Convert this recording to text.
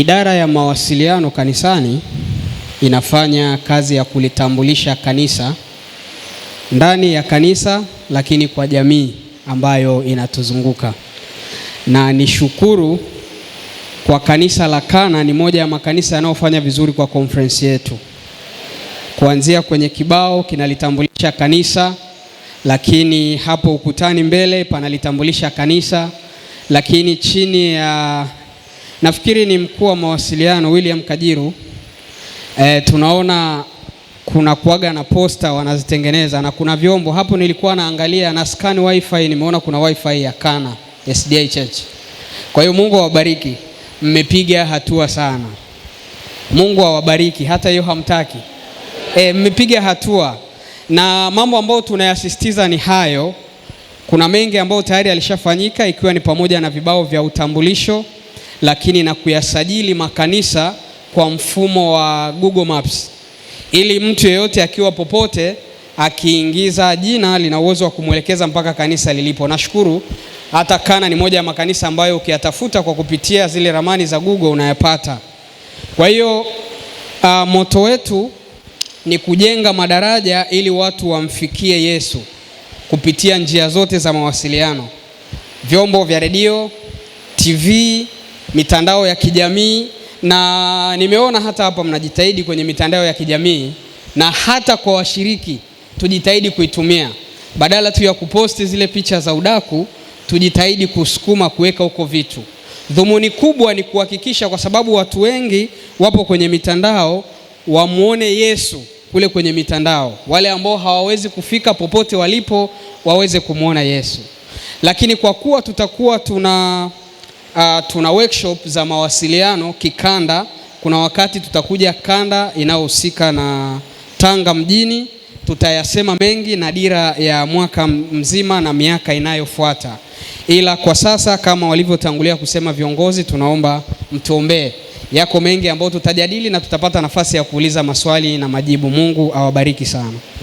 Idara ya mawasiliano kanisani inafanya kazi ya kulitambulisha kanisa ndani ya kanisa, lakini kwa jamii ambayo inatuzunguka. Na nishukuru kwa kanisa la Kana, ni moja ya makanisa yanayofanya vizuri kwa konferensi yetu, kuanzia kwenye kibao kinalitambulisha kanisa, lakini hapo ukutani mbele panalitambulisha kanisa, lakini chini ya Nafikiri ni mkuu wa mawasiliano William Kajiru. E, tunaona kuna kuaga na posta wanazitengeneza na kuna vyombo hapo, nilikuwa naangalia na scan wifi, nimeona kuna wifi ya Kana SDI Church. Kwa hiyo Mungu awabariki, mmepiga hatua sana. Mungu awabariki, hata hiyo hamtaki e, mmepiga hatua na mambo ambayo tunayasisitiza ni hayo. Kuna mengi ambayo tayari yalishafanyika ikiwa ni pamoja na vibao vya utambulisho lakini na kuyasajili makanisa kwa mfumo wa Google Maps, ili mtu yeyote akiwa popote akiingiza jina lina uwezo wa kumwelekeza mpaka kanisa lilipo. Nashukuru hata Kana ni moja ya makanisa ambayo ukiyatafuta kwa kupitia zile ramani za Google unayapata. Kwa hiyo uh, moto wetu ni kujenga madaraja ili watu wamfikie Yesu kupitia njia zote za mawasiliano, vyombo vya redio, TV mitandao ya kijamii, na nimeona hata hapa mnajitahidi kwenye mitandao ya kijamii, na hata kwa washiriki tujitahidi kuitumia badala tu ya kuposti zile picha za udaku, tujitahidi kusukuma kuweka huko vitu. Dhumuni kubwa ni kuhakikisha, kwa sababu watu wengi wapo kwenye mitandao, wamwone Yesu kule kwenye mitandao, wale ambao hawawezi kufika popote walipo waweze kumwona Yesu. Lakini kwa kuwa tutakuwa tuna uh, tuna workshop za mawasiliano kikanda. Kuna wakati tutakuja kanda inayohusika na Tanga mjini, tutayasema mengi na dira ya mwaka mzima na miaka inayofuata, ila kwa sasa kama walivyotangulia kusema viongozi, tunaomba mtuombee. Yako mengi ambayo tutajadili na tutapata nafasi ya kuuliza maswali na majibu. Mungu awabariki sana.